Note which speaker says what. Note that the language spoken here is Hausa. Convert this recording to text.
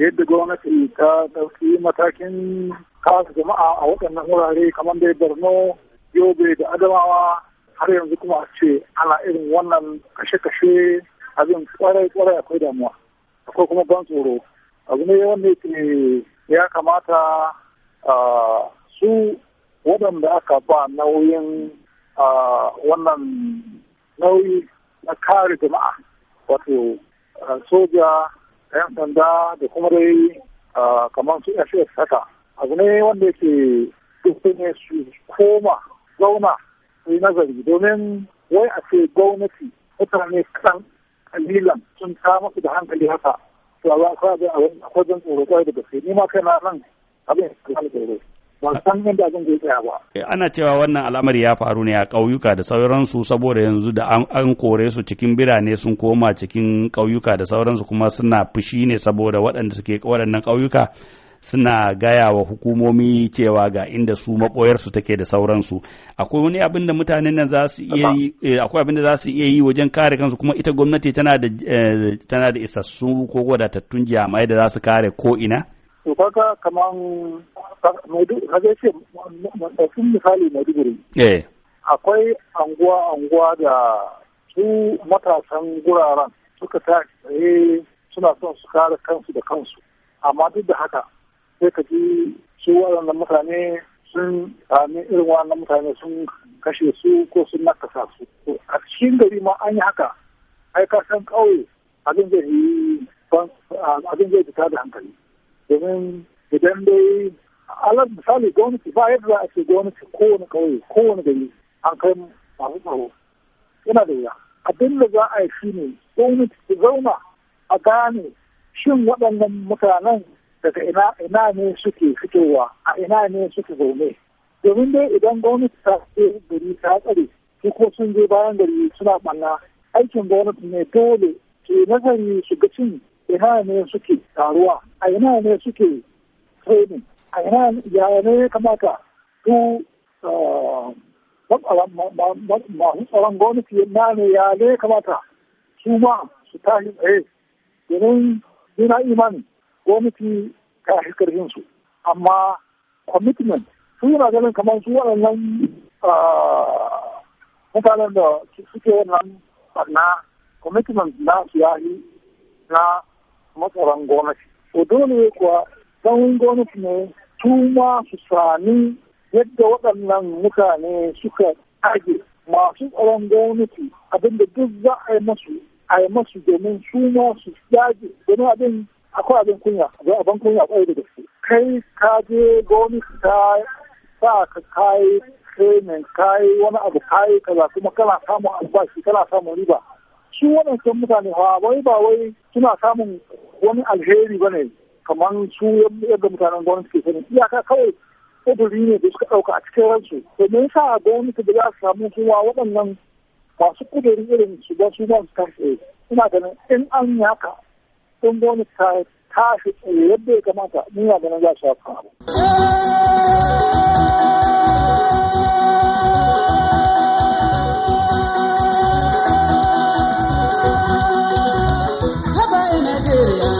Speaker 1: yadda gwamnati ta ɗauki matakin kasa jama'a a waɗannan wurare kamar da borno yobe da adamawa har yanzu kuma a ce ana irin wannan kashe-kashe abin tsarai-tsarai akwai damuwa akwai kuma ban tsoro abu ne wanda yake ya kamata su waɗanda aka ba nauyin wannan nauyi na kare jama'a wato soja 'yan sanda da kuma a kamar su ss haka abu ne wanda yake dukkan ne su koma zauna su yi nazari domin wai a ce gwamnati mutane kan kalilan sun ta masu da hankali haka to a za a kwaje a wajen tsoro kwaye da gaske ni ma kai na nan abin da tsoro yadda abin ya
Speaker 2: tsaya eh, Ana cewa wannan al'amari ya faru ne a ƙauyuka da sauransu saboda yanzu da an kore su cikin birane sun koma cikin ƙauyuka da sauransu kuma suna fushi ne saboda waɗanda suke waɗannan ƙauyuka suna gaya wa hukumomi cewa ga inda su maɓoyarsu take da sauransu akwai wani abin da mutanen nan za su iya yi eh, wajen kare kansu kuma ita gwamnati tana da eh, tana da isassu ko wadatattun jami'ai da za su kare ko ina
Speaker 1: to kaga kaman kaga ce ɗaukin misali maiduguri eh. akwai anguwa anguwa da su matasan guraren suka ta tsaye suna son su kare kansu da kansu amma duk da haka sai ka ji su waɗannan mutane sun sami irin waɗannan mutane sun kashe su ko sun nakasa su a cikin gari ma an yi haka ai ka san ƙauye abin zai fita da hankali domin idan dai alal misali gwamnati ba yadda za a ce gwamnati kowane kawai kowane gari an kai masu tsaro yana da wuya abin da za a yi shi ne gwamnati ta zauna a gane shin waɗannan mutanen daga ina ina ne suke fitowa a ina ne suke zaune domin dai idan gwamnati ta ce gari ta tsare su ko sun je bayan gari suna ɓanna aikin gwamnati ne dole ke nazari su ga cin ina ne suke taruwa a ina ne suke training a ina ya ne kamata su ah, masu tsaron gwamnati na ne ya ne kamata su ma su tashi tsaye domin yana imani gwamnati ta shi karfin su amma commitment su yana ganin kamar su waɗannan ah, mutanen da suke wannan barna commitment na su na matsaran gwamnati to dole ne kuwa tsawon gwamnati ne tuma su sami yadda waɗannan mutane suka tage. masu tsaron gwamnati abinda duk za a yi masu a yi masu domin su ma su dage domin abin akwai abin kunya akwai abin kunya akwai da gaske kai ka je gwamnati ta sa ka kai training kai wani abu kai kaza kuma kana samun albashi kana samun riba su waɗancan mutane fa wai ba wai suna samun wani alheri ba ne kamar su yadda mutanen gwamnati ke sani iyaka kawai ƙuduri ne da suka ɗauka a cikin ransu to me yasa gwamnati da za su samu kuma waɗannan masu kuduri irin su ba su ba su tashi ina ganin in an yi haka in gwamnati ta tashi yadda ya kamata ina ganin za su haka
Speaker 3: Hallelujah.